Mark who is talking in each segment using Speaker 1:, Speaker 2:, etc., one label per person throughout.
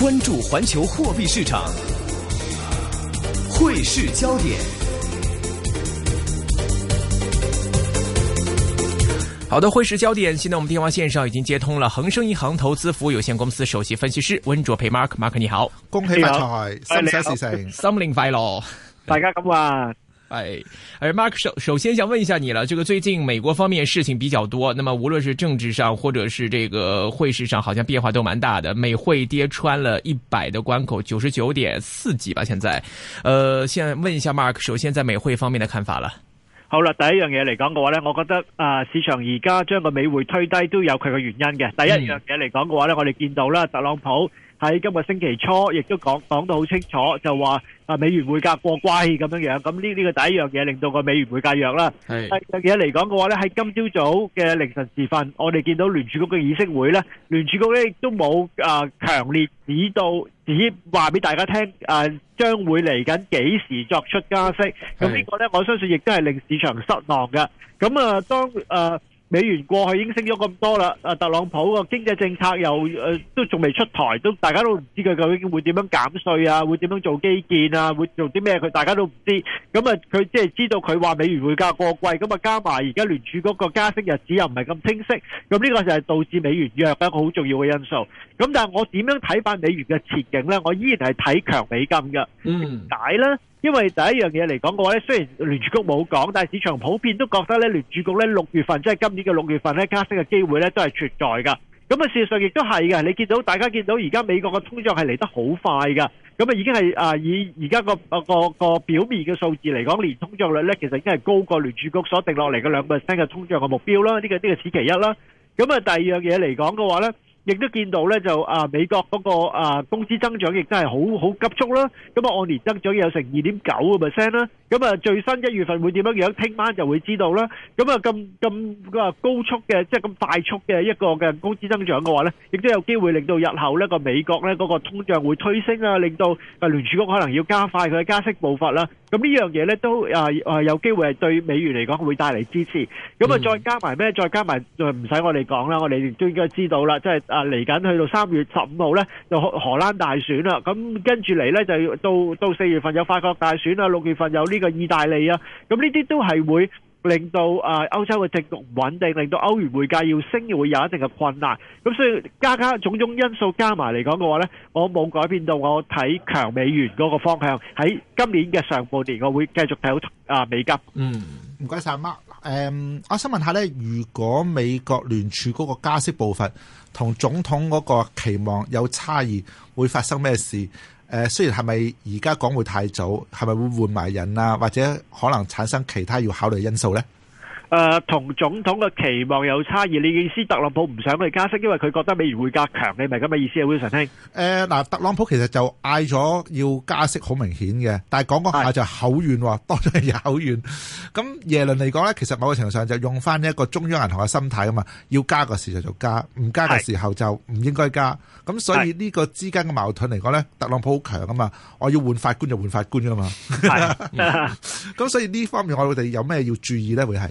Speaker 1: 關注環球貨幣市場，匯市焦點。好的，匯市焦點。現在我們電話線上已經接通了恒生銀行投資服務有限公司首席分析師溫灼培 Mark，Mark 你好，恭喜發財，
Speaker 2: 心想事成，
Speaker 1: 新年快樂，大家咁話。 哎，而 Mark 首首先想問一下你了，這個最近美國方面事情比較多，那麼無論是政治上或者是這個匯市上，好像變化都蠻大的，美匯跌穿了一百的關口，九十九點四幾吧，現在，呃，先問一下 Mark，首先在美匯方面的看法了。
Speaker 3: 好了，第一樣嘢嚟講嘅話呢，我覺得啊、呃，市場而家將個美匯推低都有佢嘅原因嘅。第一樣嘢嚟講嘅話呢，嗯、我哋見到啦，特朗普。喺今日星期初，亦都講講到好清楚，就話啊美元匯價過貴咁樣樣，咁呢呢個第一樣嘢令到個美元匯價弱啦。係，其實嚟講嘅話咧，喺今朝早嘅凌晨時分，我哋見到聯儲局嘅議息會咧，聯儲局亦都冇啊強烈指導，指話俾大家聽啊將會嚟緊幾時作出加息。咁呢個咧，我相信亦都係令市場失望嘅。咁啊，當啊。美元過去已經升咗咁多啦，阿特朗普個經濟政策又誒都仲未出台，都大家都唔知佢究竟會點樣減稅啊，會點樣做基建啊，會做啲咩佢大家都唔知，咁啊佢即係知道佢話美元匯價過貴，咁啊加埋而家聯儲嗰個加息日子又唔係咁清晰，咁呢個就係導致美元弱嘅一個好重要嘅因素。咁但係我點樣睇返美元嘅前景呢？我依然係睇強美金嘅，嗯，解呢。因為第一樣嘢嚟講嘅話咧，雖然聯儲局冇講，但係市場普遍都覺得咧，聯儲局咧六月份即係今年嘅六月份咧加息嘅機會咧都係存在噶。咁啊，事實上亦都係嘅。你見到大家見到而家美國嘅通脹係嚟得好快噶，咁啊已經係啊以而家個個個，個表面嘅數字嚟講，連通脹率咧其實已經係高過聯儲局所定落嚟嘅兩 percent 嘅通脹嘅目標啦。呢個呢個此其一啦。咁啊，第二樣嘢嚟講嘅話咧。亦都見到咧，就啊美國嗰個啊工資增長亦都係好好急促啦。咁啊按年增長有成二點九個 percent 啦。咁啊最新一月份會點樣樣？聽晚就會知道啦。咁啊咁咁啊高速嘅，即係咁快速嘅一個嘅工資增長嘅話咧，亦都有機會令到日後咧個美國咧嗰個通脹會推升啊，令到啊聯儲局可能要加快佢嘅加息步伐啦。咁呢樣嘢咧都啊啊有機會係對美元嚟講會帶嚟支持，咁啊再加埋咩？再加埋就唔使我哋講啦，我哋都應該知道啦。即係啊嚟緊去到三月十五號咧，就荷蘭大選啦。咁跟住嚟咧就到到四月份有法國大選啦，六月份有呢個意大利啊。咁呢啲都係會。令到啊，歐洲嘅政局唔穩定，令到歐元匯價要升會有一定嘅困難。咁所以加加種種因素加埋嚟講嘅話呢，我冇改變到我睇強美元嗰個方向。喺今年嘅上半年，我會繼續睇好啊美金。
Speaker 1: 嗯，
Speaker 2: 唔該晒 Mark。誒，我想問下呢，如果美國聯儲嗰個加息步伐同總統嗰個期望有差異，會發生咩事？誒，雖然係咪而家講會太早，係咪會換埋人啊？或者可能產生其他要考慮的因素咧？
Speaker 3: 誒，同、呃、總統嘅期望有差異。你意思特朗普唔想佢加息，因為佢覺得美元會加強。你咪咁嘅意思啊，Wilson 兄？
Speaker 2: 誒，嗱、呃，特朗普其實就嗌咗要加息，好明顯嘅。但係講講下就口軟，多咗口軟。咁耶倫嚟講咧，其實某個程度上就用翻呢一個中央銀行嘅心態啊嘛，要加嘅時候就加，唔加嘅時候就唔應該加。咁的所以呢個之間嘅矛盾嚟講咧，特朗普好強啊嘛，我要換法官就換法官噶嘛。咁的 所以呢方面我哋有咩要注意咧？會係？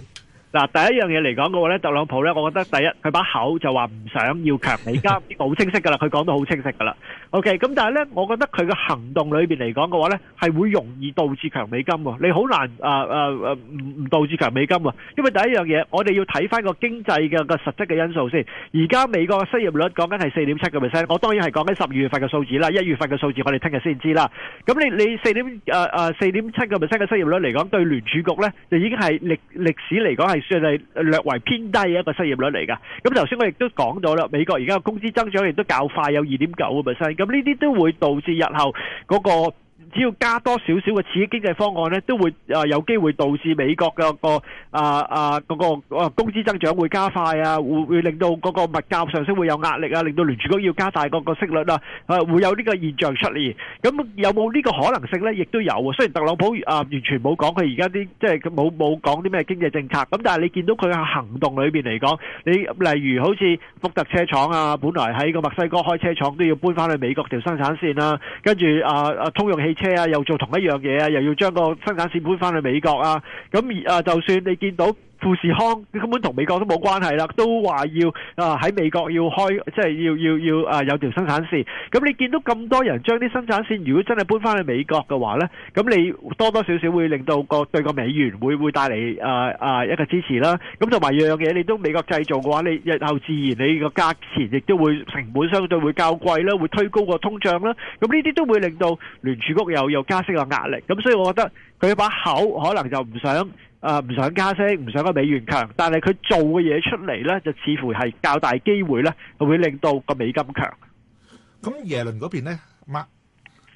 Speaker 3: 嗱，第一樣嘢嚟講嘅話咧，特朗普咧，我覺得第一，佢把口就話唔想要強美金，好 清晰㗎啦，佢講到好清晰㗎啦。O.K. 咁但係咧，我覺得佢嘅行動裏邊嚟講嘅話咧，係會容易導致強美金喎。你好難啊啊啊，唔唔導致強美金喎。因為第一樣嘢，我哋要睇翻個經濟嘅個實質嘅因素先。而家美國嘅失業率講緊係四點七個 percent。我當然係講緊十二月份嘅數字啦，一月份嘅數字我哋聽日先知啦。咁你你四點啊啊，四點七個 percent 嘅失業率嚟講，對聯儲局咧就已經係歷歷史嚟講係算係略為偏低嘅一個失業率嚟㗎。咁頭先我亦都講到啦，美國而家嘅工資增長亦都較快，有二點九個 percent。咁呢啲都會導致日後嗰個。只要加多少少嘅刺激經濟方案咧，都會啊有機會導致美國嘅個啊啊嗰個工資增長會加快啊，會會令到嗰個物價上升會有壓力啊，令到聯儲局要加大嗰個息率啦，啊會有呢個現象出嚟。咁有冇呢個可能性咧？亦都有喎。雖然特朗普啊完全冇講佢而家啲即係佢冇冇講啲咩經濟政策，咁但係你見到佢喺行動裏邊嚟講，你例如好似福特車廠啊，本來喺個墨西哥開車廠都要搬翻去美國條生產線啦，跟住啊啊通用汽車。又做同一樣嘢啊，又要將個生產線搬翻去美國啊。咁啊，就算你見到。富士康佢根本同美國都冇關係啦，都話要啊喺美國要開，即係要要要啊有條生產線。咁你見到咁多人將啲生產線，如果真係搬翻去美國嘅話呢，咁你多多少少會令到個對個美元會會帶嚟啊啊一個支持啦。咁同埋樣樣嘢，你都美國製造嘅話，你日後自然你個價錢亦都會成本相對會較貴啦，會推高個通脹啦。咁呢啲都會令到聯儲局又又加息個壓力。咁所以我覺得佢一把口可能就唔想。誒，唔想加息，唔想個美元強，但係佢做嘅嘢出嚟咧，就似乎係較大機會咧，會令到個美金強。
Speaker 2: 咁耶倫嗰邊咧，乜？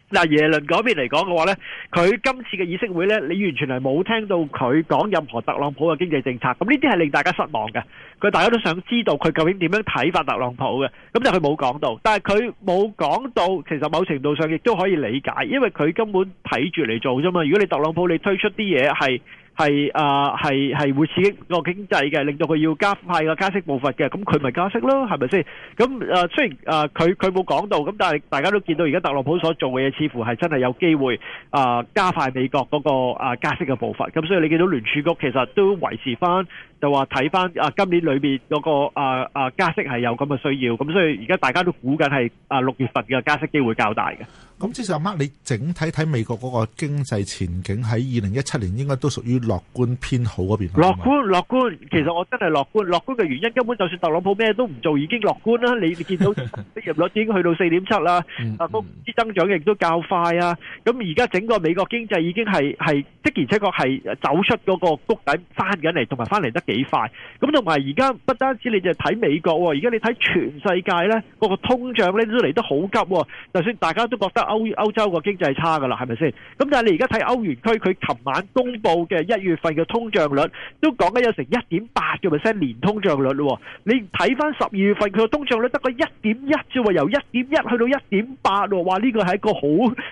Speaker 3: 嗱，耶倫嗰邊嚟講嘅話咧，佢今次嘅議息會咧，你完全係冇聽到佢講任何特朗普嘅經濟政策。咁呢啲係令大家失望嘅。佢大家都想知道佢究竟點樣睇法特朗普嘅，咁就佢冇講到。但係佢冇講到，其實某程度上亦都可以理解，因為佢根本睇住嚟做啫嘛。如果你特朗普你推出啲嘢係，係啊，係係會刺激個經濟嘅，令到佢要加快個加息步伐嘅，咁佢咪加息咯，係咪先？咁啊，雖然啊，佢佢冇講到，咁但係大家都見到而家特朗普所做嘅嘢，似乎係真係有機會啊加快美國嗰個啊加息嘅步伐。咁所以你見到聯儲局其實都維持翻。就話睇翻啊，今年裏邊嗰個啊啊加息係有咁嘅需要，咁所以而家大家都估緊係啊六月份嘅加息機會較大嘅。
Speaker 2: 咁即係阿 Mark，你整體睇美國嗰個經濟前景喺二零一七年應該都屬於樂觀偏好嗰邊。樂
Speaker 3: 觀樂嗎觀，其實我真係樂觀。樂觀嘅原因根本就算特朗普咩都唔做，已經樂觀啦。你你見到失業率已經去到四點七啦， 啊，工資增長亦都較快啊。咁而家整個美國經濟已經係係即然且確係走出嗰個谷底翻緊嚟，同埋翻嚟得。幾快？咁同埋而家不單止你睇美國，而家你睇全世界咧，個個通脹咧都嚟得好急。就算大家都覺得歐歐洲個經濟差噶啦，係咪先？咁但係你而家睇歐元區，佢琴晚公布嘅一月份嘅通脹率，都講緊有成一點八嘅 percent 年通脹率咯。你睇翻十二月份佢個通脹率得個一點一，即係話由一點一去到一點八，哇！呢個係一個好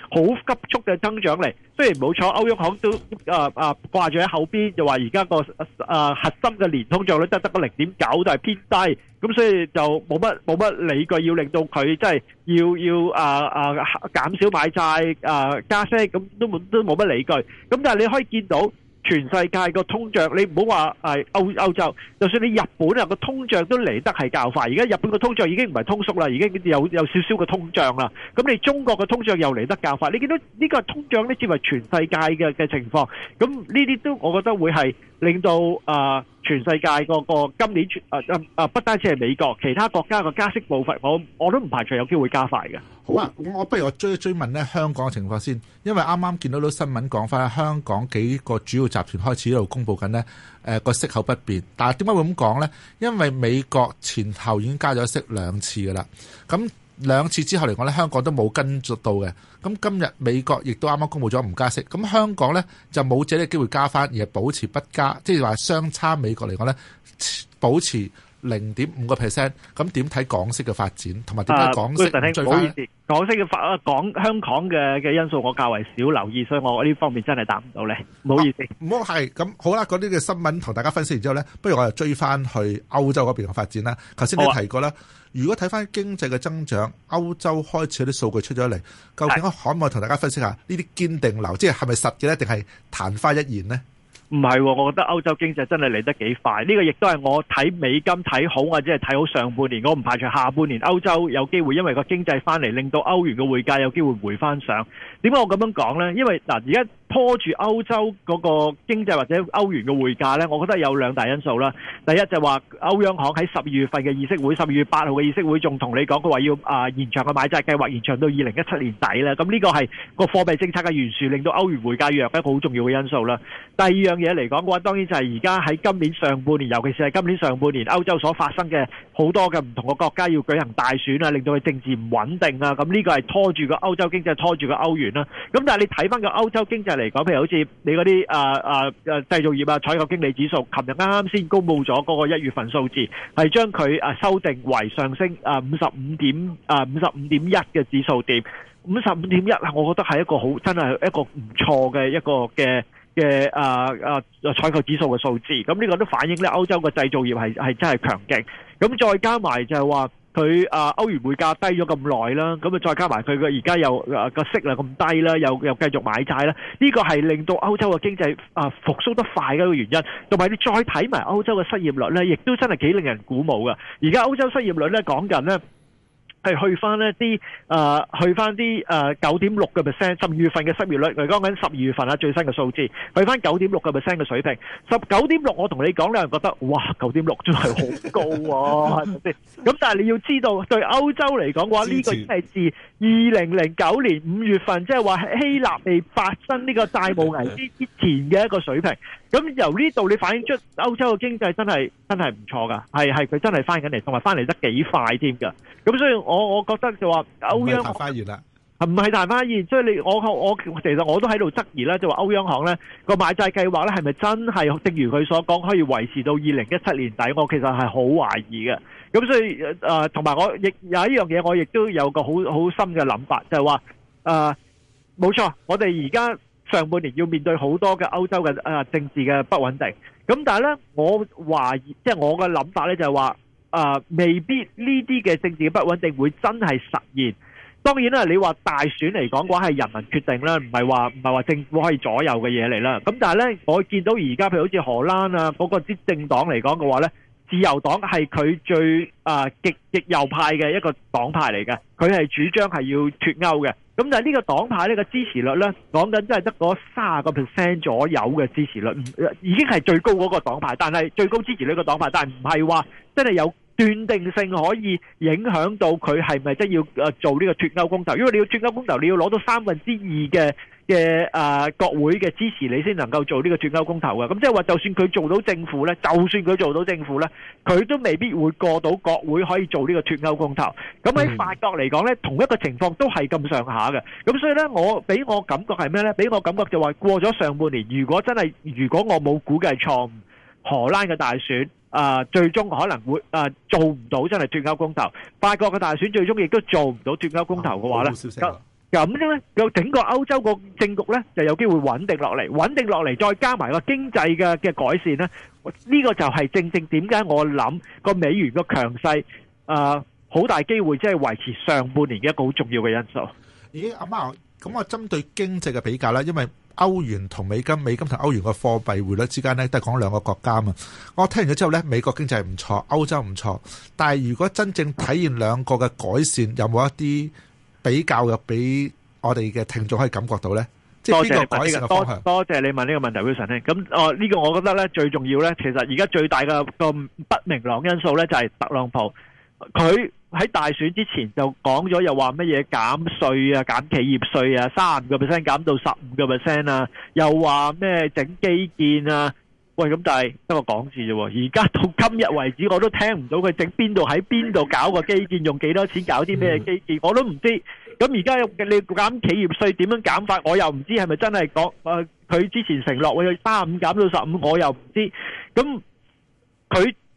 Speaker 3: 好急速嘅增長嚟。雖然冇錯，歐央行都啊啊掛住喺後邊，就話而家個啊核心。今年通脹率得得個零點九，但係偏低，咁所以就冇乜冇乜理據要令到佢即係要要啊啊減少買債啊加息，咁都冇都冇乜理據。咁但係你可以見到全世界個通脹，你唔好話誒歐歐洲，就算你日本啊個通脹都嚟得係較快。而家日本個通脹已經唔係通縮啦，已經有有少少個通脹啦。咁你中國個通脹又嚟得較快。你見到呢個通脹咧，即係全世界嘅嘅情況。咁呢啲都我覺得會係。令到啊，全世界個今年全不單止係美國，其他國家個加息步伐，我我都唔排除有機會加快嘅。
Speaker 2: 好啊，咁我不如我追一追問呢香港嘅情況先，因為啱啱見到到新聞講翻，香港幾個主要集團開始喺度公布緊呢誒個息口不變，但係點解會咁講呢？因為美國前後已經加咗息兩次噶啦，咁。兩次之後嚟講咧，香港都冇跟足到嘅。咁今日美國亦都啱啱公布咗唔加息，咁香港咧就冇借呢個機會加返，而係保持不加，即係話相差美國嚟講咧保持零點五個 percent，咁點睇港式嘅發展，同埋點解港式？我、呃、唔好意
Speaker 3: 思，港式嘅發，港香港嘅嘅因素我較為少留意，所以我呢方面真係答唔到你，
Speaker 2: 唔好意思。唔、啊嗯、好係，咁好啦，嗰啲嘅新聞同大家分析完之後咧，不如我又追翻去歐洲嗰邊嘅發展啦。頭先你提過啦，啊、如果睇翻經濟嘅增長，歐洲開始有啲數據出咗嚟，究竟我可唔可以同大家分析下呢啲堅定流，即係係咪實嘅咧，定係曇花一現呢？
Speaker 3: 唔係喎，我覺得歐洲經濟真係嚟得幾快，呢個亦都係我睇美金睇好，或者係睇好上半年，我唔排除下半年歐洲有機會，因為個經濟翻嚟，令到歐元嘅匯價有機會回翻上。點解我咁樣講呢？因為嗱，而家。拖住歐洲嗰個經濟或者歐元嘅匯價呢，我覺得有兩大因素啦。第一就話歐央行喺十二月份嘅議息會，十二月八號嘅議息會仲同你講，佢話要啊延長個買債計劃，延長到二零一七年底咧。咁呢個係個貨幣政策嘅延樹，令到歐元匯價弱咧，一個好重要嘅因素啦。第二樣嘢嚟講嘅話，當然就係而家喺今年上半年，尤其是係今年上半年歐洲所發生嘅好多嘅唔同嘅國家要舉行大選啊，令到佢政治唔穩定啊。咁呢個係拖住個歐洲經濟，拖住個歐元啦。咁但係你睇翻個歐洲經濟。嚟講，譬如好似你嗰啲啊啊啊製造業啊採購經理指數，琴日啱啱先公佈咗嗰個一月份數字，係將佢啊修訂為上升啊五十五點啊五十五點一嘅指數點，五十五點一啊，我覺得係一個好真係一個唔錯嘅一個嘅嘅啊啊採購指數嘅數字，咁呢個都反映咧歐洲嘅製造業係係真係強勁，咁再加埋就係話。佢啊，歐元匯價低咗咁耐啦，咁啊再加埋佢嘅而家又啊個息率咁低啦，又又繼續買債啦，呢個係令到歐洲嘅經濟啊復甦得快嘅一個原因，同埋你再睇埋歐洲嘅失業率呢，亦都真係幾令人鼓舞㗎。而家歐洲失業率呢，講緊呢。係去翻一啲，啊、呃、去翻啲，誒九點六嘅 percent，十二月份嘅失業率，嚟講緊十二月份啊最新嘅數字，去翻九點六嘅 percent 嘅水平，十九點六，我同你講，你又覺得哇九點六真係好高啊，係咪先？咁但係你要知道，對歐洲嚟講嘅話，呢、這個已係自二零零九年五月份，即係話希臘未發生呢個債務危機之前嘅一個水平。咁由呢度你反映出歐洲嘅經濟真係真係唔錯噶，係係佢真係翻緊嚟，同埋翻嚟得幾快添噶。咁所以。我我覺得就話歐央行唔係大花園啦，唔係大花園。所以你我我其實我都喺度質疑啦，就話歐央行咧個買債計劃咧係咪真係正如佢所講可以維持到二零一七年底？我其實係好懷疑嘅。咁所以誒，同埋我亦有一樣嘢，我亦都有一個好好深嘅諗法，就係話誒，冇錯，我哋而家上半年要面對好多嘅歐洲嘅啊，呃，政治嘅不穩定。咁但係咧，我懷疑，即係我嘅諗法咧，就係話。誒、啊，未必呢啲嘅政治嘅不穩定會真係實現。當然啦，你話大選嚟講嘅話係人民決定啦，唔係話唔係話政府可以左右嘅嘢嚟啦。咁但係呢，我見到而家譬如好似荷蘭啊，嗰、那個啲政黨嚟講嘅話呢，自由黨係佢最啊極極右派嘅一個黨派嚟嘅，佢係主張係要脱歐嘅。咁但係呢個黨派呢個支持率呢，講緊真係得咗三十個 percent 左右嘅支持率，已經係最高嗰個黨派，但係最高支持率個黨派，但係唔係話真係有。斷定性可以影響到佢係咪即係要誒做呢個脫歐公投？因為你要脫歐公投，你要攞到三分之二嘅嘅誒國會嘅支持，你先能夠做呢個脫歐公投嘅。咁即係話，就算佢做到政府呢，就算佢做到政府呢，佢都未必會過到國會可以做呢個脫歐公投。咁喺法國嚟講呢，同一個情況都係咁上下嘅。咁所以呢，我俾我感覺係咩呢？俾我感覺就話過咗上半年，如果真係，如果我冇估計錯誤。荷蘭嘅大選啊，最終可能會啊做唔到真係脫歐公投；法國嘅大選最終亦都做唔到脫歐公投嘅話咧，咁咁咧，又整個歐洲個政局咧，就有機會穩定落嚟，穩定落嚟，再加埋個經濟嘅嘅改善咧，呢個就係正正點解我諗個美元個強勢啊，好大機會即係維持上半年嘅一個好重要嘅因素。
Speaker 2: 咦，阿 Mark，咁我針對經濟嘅比較啦，因為。歐元同美金、美金同歐元個貨幣匯率之間咧，都係講兩個國家嘛。我聽完咗之後咧，美國經濟唔錯，歐洲唔錯。但係如果真正體現兩個嘅改善，有冇一啲比較又俾我哋嘅聽眾可以感覺到咧？即係邊個改
Speaker 3: 善嘅方向？多謝你問呢個問題，Wilson 兄。咁哦，呢個我覺得咧，最重要咧，其實而家最大嘅個不明朗因素咧，就係特朗普佢。喺大選之前就講咗，又話乜嘢減稅啊、減企業稅啊，三十五個 percent 減到十五個 percent 啦，又話咩整基建啊。喂，咁但係不過講住啫。而家到今日為止，我都聽唔到佢整邊度喺邊度搞個基建，用幾多錢搞啲咩基建，我都唔知。咁而家你減企業稅點樣減法，我又唔知係咪真係講？誒，佢之前承諾我要三十五減到十五，我又唔知。咁。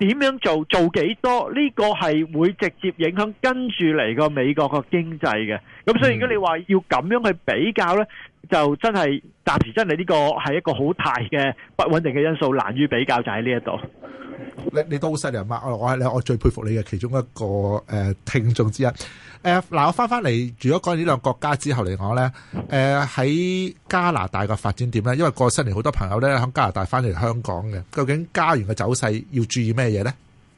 Speaker 3: 點樣做？做幾多？呢個係會直接影響跟住嚟個美國個經濟嘅。咁所以如果你話要咁樣去比較呢，嗯、就真係暫時真係呢個係一個好大嘅不穩定嘅因素，難於比較就喺呢一度。
Speaker 2: 你你都好犀利啊！我我係你我最佩服你嘅其中一個誒、呃、聽眾之一誒、嗱、呃、我翻翻嚟，除咗講呢兩個國家之後嚟講咧、誒、呃、喺加拿大嘅發展點咧，因為過新年好多朋友咧喺加拿大翻嚟香港嘅，究竟加元嘅走勢要注意咩嘢咧？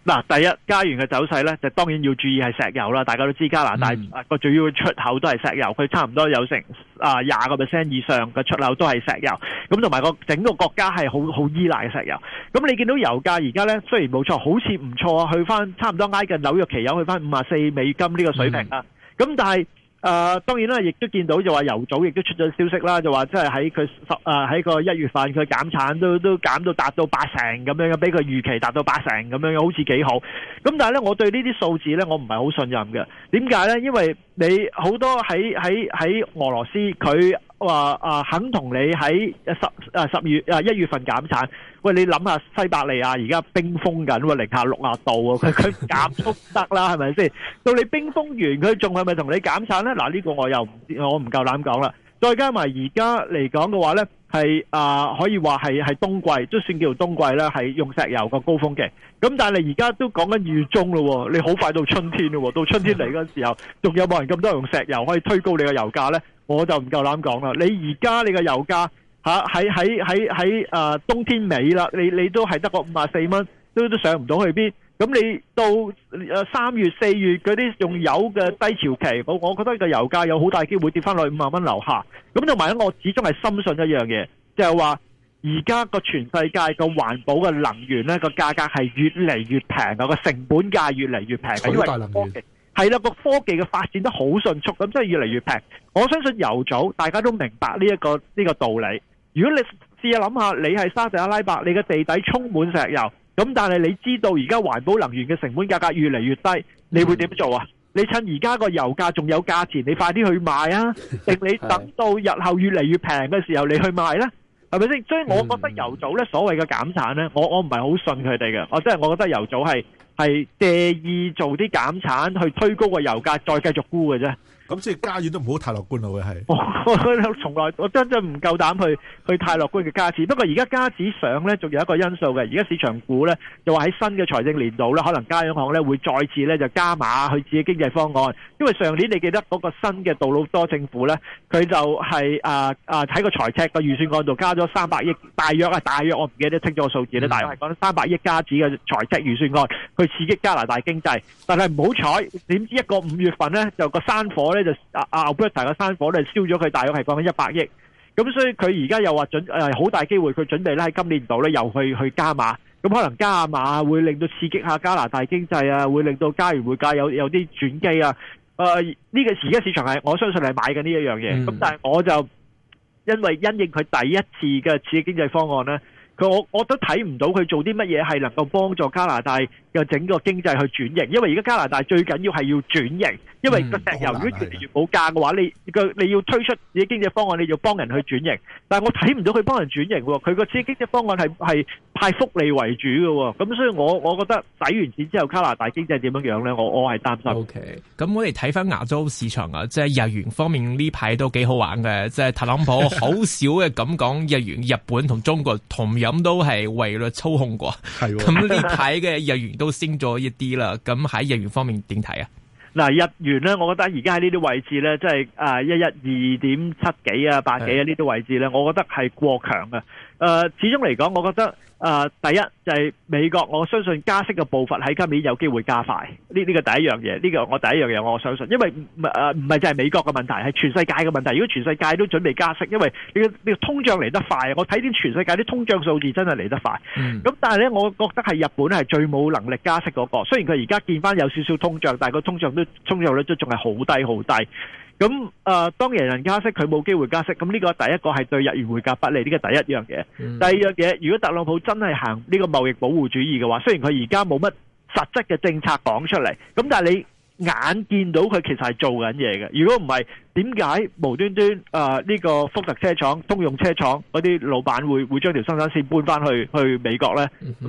Speaker 2: 嗱，第一
Speaker 3: 加元嘅走勢咧，就當然要注意係石油啦。大家都知加拿大個主要出口都係石油，佢差唔多有成啊廿個 percent 以上嘅出口都係石油。咁同埋個整個國家係好好依賴嘅石油。咁你見到油價而家咧，雖然冇錯，好似唔錯啊，去翻差唔多挨近紐約期油去翻五啊四美金呢個水平啊。咁、嗯、但係。誒、呃、當然啦，亦都見到就話油組亦都出咗消息啦，就話即係喺佢十誒喺個一月份佢減產都都減到達到八成咁樣嘅，比佢預期達到八成咁樣，好似幾好。咁但係咧，我對數呢啲數字咧，我唔係好信任嘅。點解咧？因為你好多喺喺喺俄羅斯佢。話啊、呃、肯同你喺十啊、呃、十二月啊一月份減產？喂，你諗下西伯利亞而家冰封緊、呃，零下六啊度啊，佢佢減速得啦，係咪先？到你冰封完，佢仲係咪同你減產呢？嗱、呢、這個我又我唔夠膽講啦。再加埋而家嚟講嘅話呢，係啊、呃、可以話係係冬季，都算叫做冬季啦，係用石油個高峰期。咁但係而家都講緊二月中咯，你好快到春天咯，到春天嚟嗰時候，仲有冇人咁多人用石油可以推高你嘅油價呢？我就唔夠膽講啦！你而家你個油價吓喺喺喺喺冬天尾啦，你你都係得個五啊四蚊，都都上唔到去邊。咁你到誒三月四月嗰啲用油嘅低潮期，我我覺得個油價有好大機會跌翻落去五十蚊樓下。咁同埋咧，我始終係深信一樣嘢，就係話而家個全世界個環保嘅能源咧個價格係越嚟越平啊，個成本價越嚟越平，因為能源。係啦，個科技嘅發展得好迅速，咁即係越嚟越平。我相信油組大家都明白呢一個呢個道理。如果你試下諗下，你係沙特阿拉伯，你嘅地底充滿石油，咁但係你知道而家環保能源嘅成本價格越嚟越低，你會點做啊？嗯、你趁而家個油價仲有價錢，你快啲去賣啊！定你等到日後越嚟越平嘅時候，你去賣呢？係咪先？所以我覺得油組呢所謂嘅減產呢，我我唔係好信佢哋嘅。我即係我真覺得油組係。係借意做啲減產，去推高個油價，再繼續沽嘅啫。咁即係加元都唔好太樂觀咯，會係、哦、我我從來我真真唔夠膽去去太樂觀嘅加紙。不過而家加紙上咧，仲有一個因素嘅。而家市場估咧，就話喺新嘅財政年度咧，可能加央行咧會再次咧就加碼去自己經濟方案。因為上年你記得嗰個新嘅杜魯多政府咧，佢就係、是、啊啊喺個財赤個預算案度加咗三百億，大約啊大約我唔記得清咗個數字咧，大約講三百億加紙嘅財赤預算案去刺激加拿大經濟。但係唔好彩，點知一個五月份咧就個山火。咧就、啊、阿阿 Alberta 嘅山火咧燒咗佢，大約係講緊一百億，咁所以佢而家又話準誒好大機會，佢準備咧喺今年度咧又去去加碼，咁可能加碼會令到刺激下加拿大經濟啊，會令到加元匯價有有啲轉機啊，誒呢個而家市場係我相信係買緊呢一樣嘢，咁、嗯、但係我就因為因應佢第一次嘅刺激經濟方案咧。佢我我都睇唔到佢做啲乜嘢係能夠幫助加拿大嘅整個經濟去轉型，因為而家加拿大最緊要係要轉型，因為個石油、嗯、如果越嚟越冇價嘅話，你佢你要推出自己經濟方案，你要幫人去轉型。但係我睇唔到佢幫人轉型喎，佢個自己經濟方案係係派福利為主嘅喎。咁所以我我覺得使完錢之後加拿大經濟點樣樣咧？我我係擔心。O K.
Speaker 1: 咁我哋睇翻亞洲市場啊，即係日元方面呢排都幾好玩嘅，即係特朗普好少嘅咁講日元、日本同中國同樣，咁都係匯率操控過，咁呢排嘅日元都升咗一啲啦。咁喺 日元方面點睇啊？
Speaker 3: 嗱，日元咧，我覺得而家喺呢啲位置咧，即係啊，一一二點七幾啊，八幾啊呢啲位置咧，我覺得係過強嘅。誒、呃，始終嚟講，我覺得誒、呃，第一就係、是、美國，我相信加息嘅步伐喺今年有機會加快。呢、這、呢個第一樣嘢，呢、這個我第一樣嘢我相信，因為唔誒唔係就係美國嘅問題，係全世界嘅問題。如果全世界都準備加息，因為呢呢、這個這個通脹嚟得快，我睇啲全世界啲通脹數字真係嚟得快。咁、嗯、但係呢，我覺得係日本係最冇能力加息嗰、那個。雖然佢而家見返有少少通脹，但係個通脹都通脹率都仲係好低好低。很低咁啊、呃，當人人加息，佢冇機會加息，咁呢個第一個係對日元匯價不利，呢個第一樣嘢。第二樣嘢，如果特朗普真係行呢個貿易保護主義嘅話，雖然佢而家冇乜實質嘅政策講出嚟，咁但係你，眼見到佢其實係做緊嘢嘅，如果唔係，點解無端端啊呢個福特車廠、通用車廠嗰啲老闆會會將條生產線搬翻去去美國呢？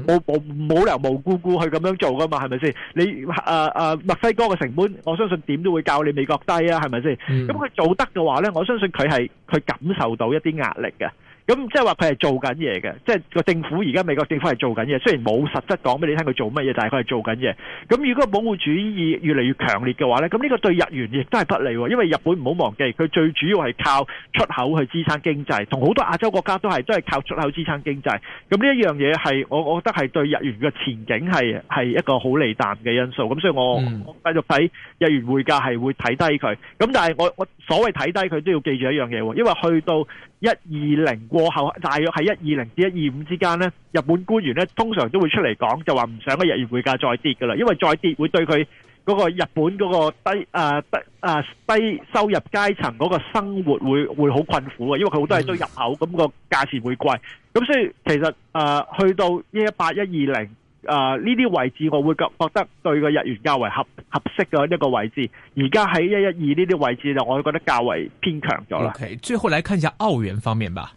Speaker 3: 冇冇冇理由無故故去咁樣做噶嘛？係咪先？你啊啊墨西哥嘅成本，我相信點都會較你美國低啊？係咪先？咁佢做得嘅話呢，我相信佢係佢感受到一啲壓力嘅。咁即係話佢係做緊嘢嘅，即係個政府而家美國政府係做緊嘢。雖然冇實質講俾你聽佢做乜嘢，但係佢係做緊嘢。咁如果保護主義越嚟越強烈嘅話呢，咁呢個對日元亦都係不利喎。因為日本唔好忘記，佢最主要係靠出口去支撐經濟，同好多亞洲國家都係都係靠出口支撐經濟。咁呢一樣嘢係我我覺得係對日元嘅前景係係一個好利淡嘅因素。咁所以我我繼續睇日元匯價係會睇低佢。咁但係我我所謂睇低佢都要記住一樣嘢喎，因為去到一二零。過後大約喺一二零至一二五之間呢，日本官員呢通常都會出嚟講，就話唔想個日元匯價再跌噶啦，因為再跌會對佢嗰個日本嗰個低誒低誒低收入階層嗰個生活會會好困苦啊，因為佢好多嘢都入口，咁個價錢會貴，咁所以其實誒、呃、去到一一八一二零誒呢啲位置，我會覺覺得對個日元較為合合適嘅一個位置。而家喺一一二呢啲位置咧，我就會覺得較為
Speaker 1: 偏強咗啦。Okay，最後來看一下澳元方面吧。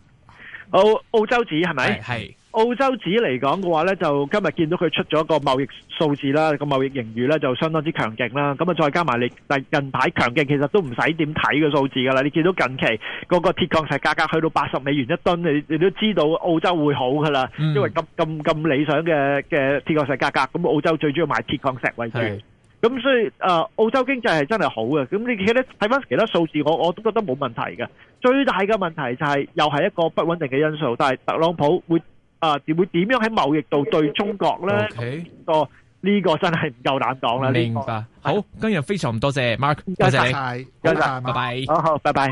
Speaker 1: 澳澳洲紙係咪？係
Speaker 3: 澳洲紙嚟講嘅話咧，就今日見到佢出咗個貿易數字啦，個貿易盈餘咧就相當之強勁啦。咁啊，再加埋你近近排強勁，強勁，其實都唔使點睇個數字噶啦。你見到近期嗰個個鐵礦石價格去到八十美元一噸，你你都知道澳洲會好噶啦，嗯、因為咁咁咁理想嘅嘅鐵礦石價格，咁澳洲最主要賣鐵礦石為主。咁所以，誒澳洲經濟係真係好嘅。咁你睇咧，睇翻其他數字，我我都覺得冇問題嘅。最大嘅問題就係又係一個不穩定嘅因素，但係特朗普會誒點會點樣喺貿易度對中國咧，個呢個真係唔夠膽講啦。明白。
Speaker 1: 好，今日非常多謝 Mark，多謝你，多謝，拜拜。好好，拜拜。